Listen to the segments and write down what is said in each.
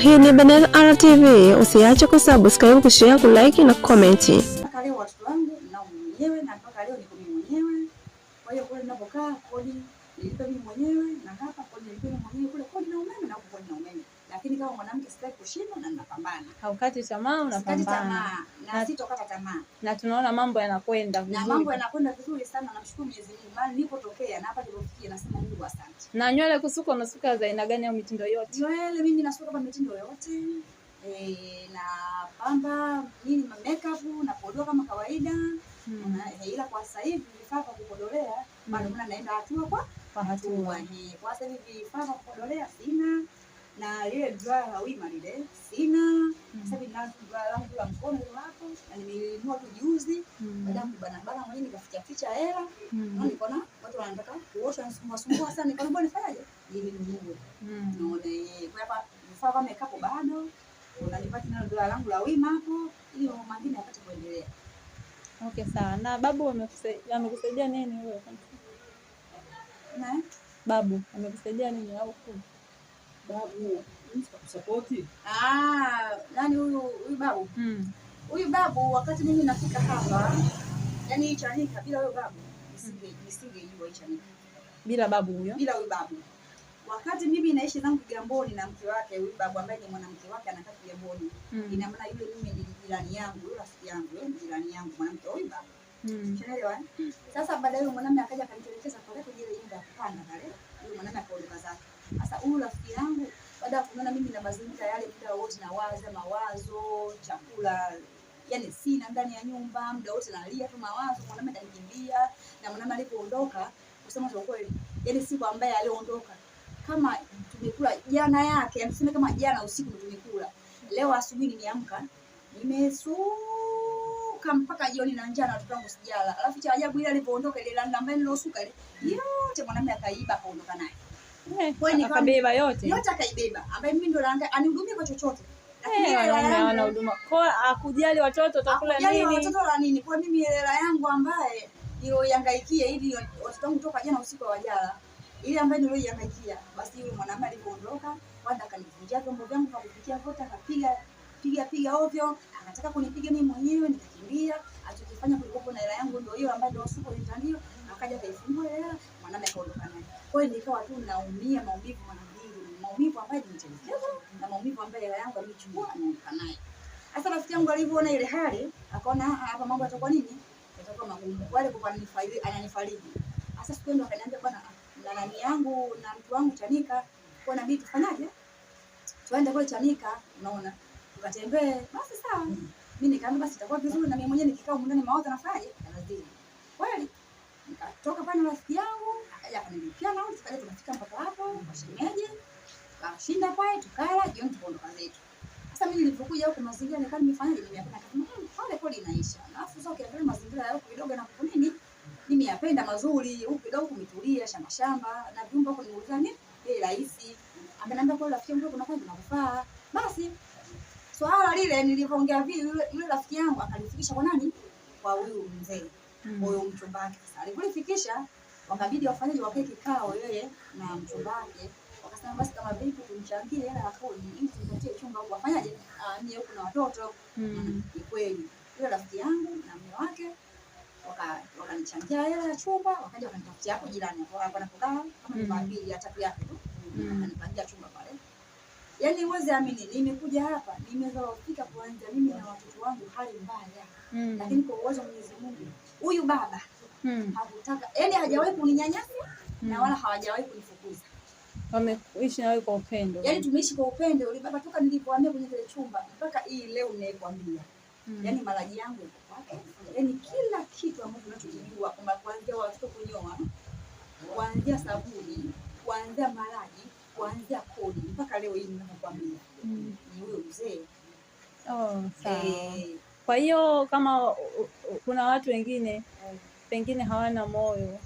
Hii ni Benedra rtv usiache kusubscribe, kushare, kulike na kukomenti. kushindwa na napambana. Haukati tamaa, unapambana. Na sitokata tamaa. Na tunaona mambo yanakwenda vizuri. Na mambo yanakwenda vizuri sana, namshukuru Mwenyezi Mungu. Maana nilipotokea na hapa nilipofikia nasema Mungu asante. Na nywele kusuka unasuka za aina gani au mitindo yote? Nywele mimi nasuka kwa mitindo yote. Eh, na pamba nini makeup na podoa kama kawaida. Hmm. Eh, ila kwa sasa hivi vifaa vya kupodolea bado hmm. naenda hatua kwa kwa hatua. Eh, kwa sasa hivi vifaa vya kupodolea sina lile duara la wima lile sina mm. sasa, nina duara mkono hapo na nimelinunua tu juzi, mm. baada ya kubana bana mwenyewe nikaficha ficha hela mm. na watu wanataka kuosha msumbua sumbua sana, nikaona bwana nifanyaje, nilinunue naona kwa hapa vifaa vya makeup bado unanipata na duara langu la wima hapo, ili mambo mengine yapate kuendelea. Okay, sawa. Na babu amekusaidia nini wewe? Na babu amekusaidia nini au babu Ah, huyu huyu babu hmm. huyu babu wakati mimi nafika hapa, yani Chanika bila huyo babu nisingejua Chanika bila babu huyo bila huyu babu wakati mimi naishi zangu Kigamboni na mke wake huyu babu ambaye ni mwanamke wake anakaa Kigamboni mm. ina maana yule mimi ni jirani yangu, yule rafiki yangu, yule jirani yangu mwanamke huyu babu hmm. Unaelewa? mm. Unaelewa? Sasa baada yule mwanamume akaja akanitelekeza kwa kile ile nyumba ya kupanda pale, yule mwanamume akaondoka zake. Sasa huyu rafiki yangu baada ya kunaona mimi na mazingira yale, muda wote nawaza mawazo, chakula yani sina ndani ya nyumba, muda wote nalia tu mawazo, mwanamume atanikimbia. Na mwanamume alipoondoka, kusema cha ukweli, yani siku ambaye aliondoka, kama tumekula jana yake, yani tuseme kama jana usiku tumekula, leo asubuhi nimeamka nimesuka mpaka jioni na njaa na watoto wangu sijala. Alafu cha ajabu ile alipoondoka ile landa ambaye nilosuka ile yote mwanamume akaiba akaondoka naye. Eh, akabeba yote yote akaibeba, ambaye mimi ndo anihudumia kwa chochote eh, wana huduma kwa akujali watoto utakula nini, Kwa mimi hela yangu ambaye niloihangaikia ili watoto wangu toka jana usiku hawajala, ile ambaye niloihangaikia, basi yule mwanamume alipoondoka, kwanza akanivunjia vyombo vyangu kwa kupikia vote, akapiga piga piga ovyo, akataka kunipiga mimi mwenyewe, nikakimbia. Alichokifanya kulikuwa na hela yangu ndio hiyo ambayo ndio usiku ndio, akaja akaifungua hela, mwanamume akaondoka naye kweli nikawa tu naumia maumivu mara maumivu ambayo nimechangikiza na maumivu ambayo hela yangu alichukua anaondoka nayo. Sasa rafiki yangu alivyoona ile hali akaona ah, hapa mambo yatakuwa nini, yatakuwa magumu, wale kwa ananifariji ananifariji. Sasa siku ndio akaniambia bwana, na nani yangu na mtu wangu Chanika, kwa nabidi tufanyaje? Tuende kwa Chanika, unaona tukatembee. Basi sawa, mimi nikaambia basi itakuwa vizuri, na mimi mwenyewe nikikaa huko mawazo nafanya anazidi kweli. Nikatoka pale na rafiki yangu akaja akanilipia nauli, tukaja tukafika mpaka hapo kwa shemeji, tukashinda pale, tukala jioni, tukaondoka zetu. Sasa mimi nilipokuja huko mazingira nikawa nimefanyaje, nimeyapenda kama mmm, pale pole inaisha. Alafu sasa ukiangalia mazingira ya huko kidogo na huko nini, nimeyapenda mazuri, huko kidogo kumetulia, shamba shamba na vyumba huko niuliza ni bei rahisi. Amenambia kwa rafiki yangu kuna kazi nakufaa. Basi swala lile nilivyoongea vile, yule rafiki yangu akanifikisha kwa nani? Kwa huyu mzee, mm. huyo mchumba wake. Sasa alivyofikisha wakabidi wafanyaji wakae kikao yeye na mchungaji, wakasema basi kama vipi tumchangie hela ya kodi ili tumpatie chumba huko wafanyaje ahamie huko na watoto. Hmm. Mm, ni kweli yule rafiki yangu na mume wake wakanichangia waka hela ya chumba, wakaja wakanitafutia hapo jirani hapo hapo napokaa kama nyumba mbili hata pia hapo tu, hmm. akanipangia chumba pale. Yani uweze amini, nimekuja hapa nimezorofika kuanza mimi na watoto wangu hali mbaya, hmm. lakini kwa uwezo wa Mwenyezi Mungu huyu baba hmm. hakutaka yani, hajawahi kuninyanyasa hmm. na wala hawajawahi kunifukuza, wameishi nawe kwa upendo, yani tumeishi kwa upendo ulibaba, toka nilivyohamia kwenye kile chumba mpaka hii leo ninayekwambia Mm. Yaani maraji yangu iko yaani kila kitu ambacho tunachojua kwamba kuanzia watoto kunyoa, kuanzia sabuni, kuanzia maraji, kuanzia kodi mpaka leo hii ninakwambia hmm. ni huyo mzee. Oh, sawa. Eh. Kwa hiyo kama kuna watu wengine pengine hawana moyo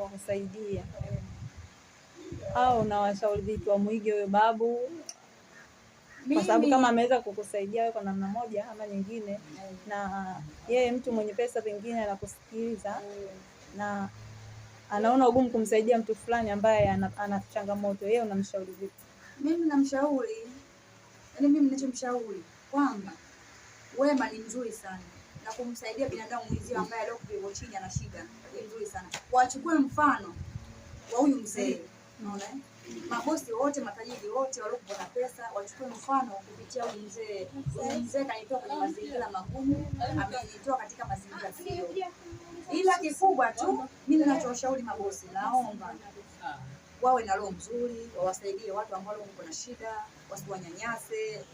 wa kusaidia, au nawashauri vipi? Wamwige huyo babu, kwa sababu kama ameweza kukusaidia wewe kwa namna moja ama nyingine, na yeye mtu mwenye pesa pengine anakusikiliza na anaona ugumu kumsaidia mtu fulani ambaye ana, changamoto, yeye unamshauri vipi? Mimi namshauri yani, mimi ninachomshauri kwamba wema ni mzuri sana na kumsaidia binadamu mwenzio ambaye chini ana shida nzuri sana. Wachukue mfano wa huyu mzee, unaona mabosi wote matajiri wote waliokuwa na pesa wachukue mfano kupitia huyu mzee. Huyu mzee kaitoa kwenye mazingira magumu, amenitoa katika mazingira sio, ila kikubwa tu mimi ninachoshauri mabosi, naomba wawe na roho nzuri, wawasaidie watu ambao wako na shida, wasiwanyanyase.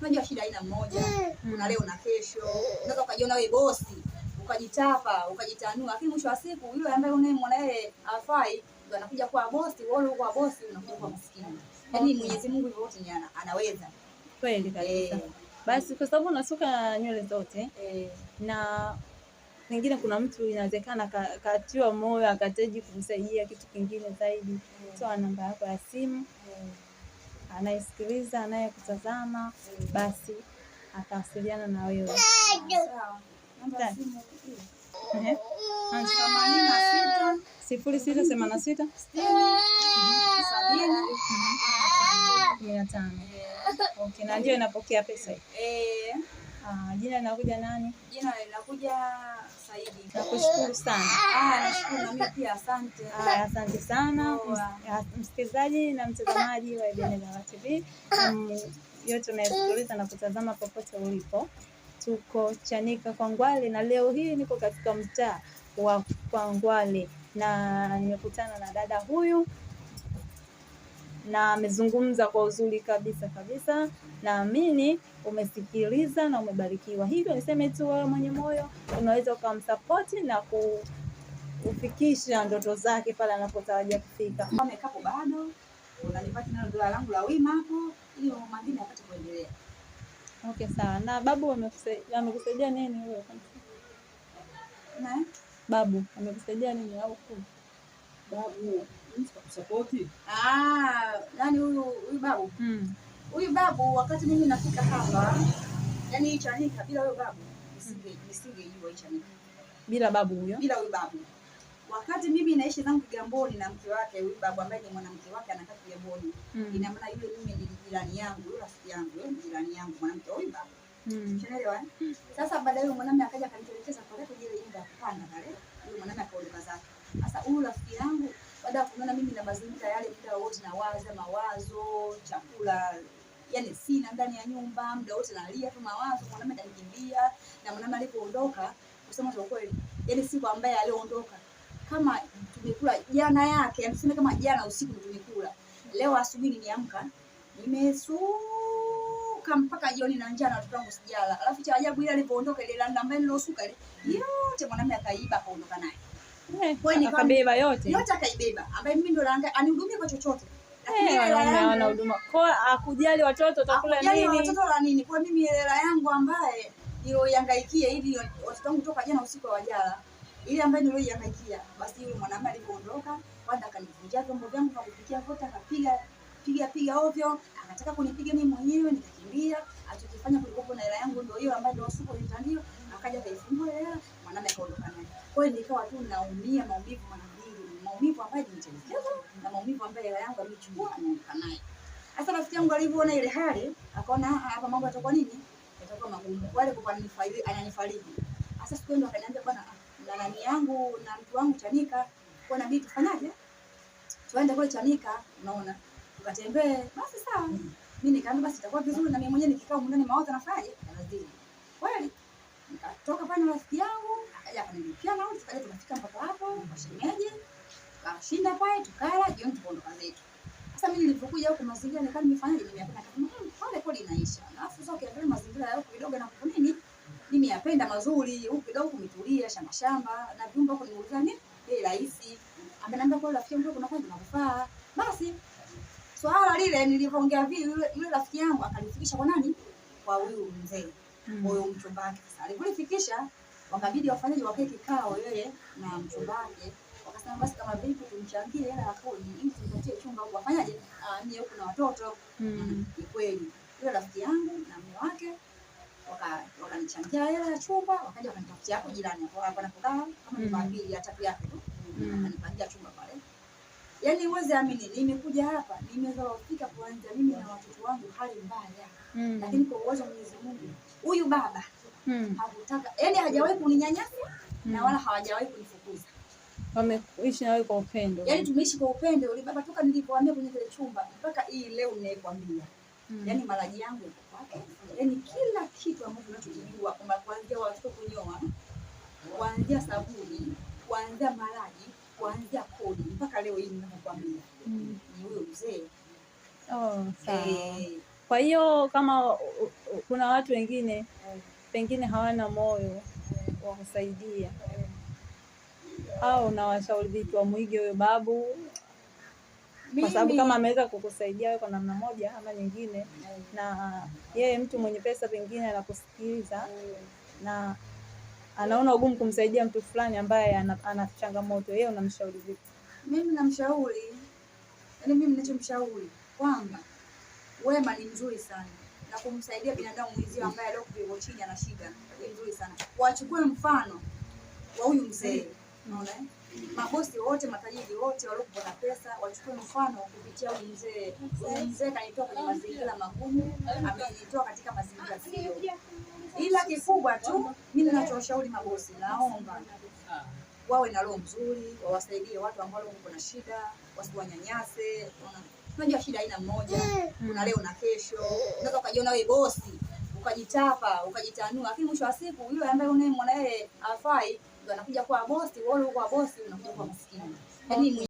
Unajua shida aina mmoja, kuna leo na kesho. Unaweza ukajiona wewe bosi ukajitapa ukajitanua, lakini mwisho wa siku yule ambaye unayemwona yeye afai ndo anakuja kuwa bosi, wewe ulikuwa bosi unakuja kuwa maskini. Yaani Mwenyezi Mungu hivyo yote anaweza kweli kabisa. Eh. Basi kwa sababu nasuka nywele zote e, na pengine kuna mtu inawezekana katiwa moyo akataji kumsaidia kitu kingine zaidi, eh. toa namba yako ya simu mm. anayesikiliza anayekutazama mm. basi atawasiliana na wewe. Eh? sifuri sita themanini na sita mia tano. Okay, na ndio inapokea pesa hii. Eh. Ah, jina linakuja nani? Jina linakuja Saidi. Nakushukuru sana. Ah, nashukuru na mimi pia asante. Ah, asante sana. Ah, msikilizaji na mtazamaji wa Ebeneza TV. Yote unayosikiliza na kutazama popote ulipo tuko Chanika Kwangwale, na leo hii niko katika mtaa wa Kwangwale na nimekutana na dada huyu na amezungumza kwa uzuri kabisa kabisa. Naamini umesikiliza na umebarikiwa. Hivyo niseme tu, wewe mwenye moyo unaweza ukamsapoti na kufikisha ndoto zake pale anapotarajia kufika. Mekapo bado unanipati nalo dola langu la wima hapo, ili mambo mengine kuendelea. Okay, sawa. Na babu amekusaidia nini huyo? Na eh? babu amekusaidia nini au ku? Babu msapoti. Ah, yani huyu huyu babu. Mm. Huyu babu wakati mimi nafika hapa, yani hicho Chanika bila huyo babu nisinge nisingejua hicho Chanika. Bila babu huyo? Bila huyu babu. Wakati mimi naishi zangu Kigamboni na mke wake huyu babu ambaye ni mwanamke wake anakaa Kigamboni. Mm. Ina maana yule mimi jirani yangu, rafiki yangu, eh, jirani yangu mwanamke oiba. Unaelewa? Hmm. Eh? Sasa baadaye yule mwanamume akaja akanitelekeza kwa leo ile inda kupanda pale. Yule mwanamume akaondoka zake. Sasa huyu rafiki yangu baada ya kuona mimi na mazingira yale muda wote nawaza mawazo, chakula yani sina ndani ya nyumba, muda wote nalia tu mawazo, mwanamume atanikimbia na mwanamume alipoondoka kusema kwa kweli, yani siku ambaye aliondoka kama tumekula jana yake, yani tuseme kama jana usiku tumekula, leo asubuhi nimeamka nimesuka mpaka jioni na njaa na watoto wangu sijala. Alafu cha ajabu ile alipoondoka ile landa ambayo nilosuka ile yote mwanamume akaiba akaondoka naye. Eh, kwa akabeba yote. Yote akaibeba ambaye mimi ndo langa anihudumia kwa chochote. Eh, akujali watoto nini? Akujali watoto la nini? Kwa mimi hela yangu ambaye niloihangaikia watoto wangu toka jana usiku ile ambayo niloihangaikia, basi yule mwanamume alipoondoka kwanza akanivunjia vyombo vyangu, akapiga piga piga ovyo, akataka kunipiga mimi mwenyewe, nikakimbia. Alichokifanya kulikuwa na hela yangu ndio hiyo ambayo ndio usiku ndio akaja kaifungua hela, mwanamume akaondoka naye. Kwa hiyo nikawa tu naumia maumivu mawili, maumivu ambayo nilitelekeza na maumivu ambayo hela yangu alichukua anaondoka naye. Sasa rafiki yangu alivyoona ile hali, akaona ah, hapa mambo yatakuwa nini? Yatakuwa magumu. Kwa Wale kwa nifaidi ananifariji. Sasa siku ndio akaniambia bwana, na nani yangu na mtu wangu Chanika, kwa nabii tufanyaje? Tuende kule Chanika, unaona tukatembee, basi sawa. Mimi mm. nikaambia basi itakuwa vizuri na mimi mwenyewe nikikaa huko ndani mawazo nafanyaje? Yanazidi. Kweli. Nikatoka pale rafiki yangu, akaja akanilipia nauli, tukaja tukafika mpaka hapo kwa shemeji. Tukashinda pale, tukala, jioni tukaondoka zetu. Sasa mimi nilipokuja huko mazingira nikawa nimefanyaje? Nimeyapenda kama hmm, pole pole inaisha. Alafu sasa ukiangalia mazingira yao kidogo na kunini? Nimeyapenda mazuri, huku kidogo kumetulia, shamba shamba na vyumba huko ni urudani, bei rahisi. Amenambia kwa rafiki yangu kuna kwa basi swala lile nilivyoongea vile, yule rafiki yangu akalifikisha kwa nani? Kwa huyu mzee mm. huyo mchumba wake. Sasa alivyofikisha, wakabidi wafanyaji wakae kikao, yeye na mchumba wake wakasema, basi kama vipi tumchangie hela ya kodi ili tumpatie chumba huko, wafanyaje, amie huko na watoto. Mm. Ni kweli yule rafiki yangu na mume wake wakanichangia hela ya chumba, wakaja wakanitafutia hapo jirani hapo hapo na kukaa kama mm. ni mapili hata pia yake tu, akanipangia chumba pale Yaani uweze amini, nimekuja hapa nimezawafika kuanza mimi na watoto wangu hali mbaya mm. Lakini kwa uwezo wa Mwenyezi Mungu huyu baba mm. hakutaka, yaani hajawahi kuninyanyasa mm. na hmm. wala hawajawahi kunifukuza, wameishi nawe kwa upendo, yaani tumeishi kwa upendo. Yule baba toka nilipohamia kwenye kile chumba mpaka hii leo ninayekwambia Mm. Yaani maraji yangu kwake, yaani kila kitu ambacho tunachojua kwamba kuanzia watoto kunyoa, kuanzia sabuni, kuanzia maraji kuanzia kodi mpaka leo hii ninavyokwambia mm. ni huyo mzee oh, eh. kwa hiyo kama kuna watu wengine pengine hawana moyo wa kusaidia au nawashauri vipi, wamwige huyo babu kwa sababu kama ameweza kukusaidia wewe kwa namna moja ama nyingine, eh. na yeye mtu mwenye pesa pengine anakusikiliza eh. na anaona ugumu kumsaidia mtu fulani ambaye ana, changamoto, yeye unamshauri vipi? Mimi namshauri yani, mimi ninachomshauri kwamba wema ni mzuri sana na kumsaidia binadamu mwenzio ambaye leo kwa chini ana shida ni mzuri sana. Wachukue mfano wa huyu mzee, unaona mabosi wote matajiri wote waliokuwa na pesa wachukue mfano kupitia huyu mzee. Huyu mzee kanitoa kwenye mazingira magumu, amenitoa katika mazingira sio ila kikubwa tu mimi ninachowashauri mabosi, naomba wawe na roho nzuri, wawasaidie watu ambao wako na shida, wasiwanyanyase. Unajua shida aina mmoja, kuna leo na kesho. Unaweza ukajiona wewe bosi ukajitapa ukajitanua, lakini mwisho wa siku yule ambaye unayemwona yeye afai ndo anakuja kwa bosi, wewe uko bosi unakuja kwa maskini. Yaani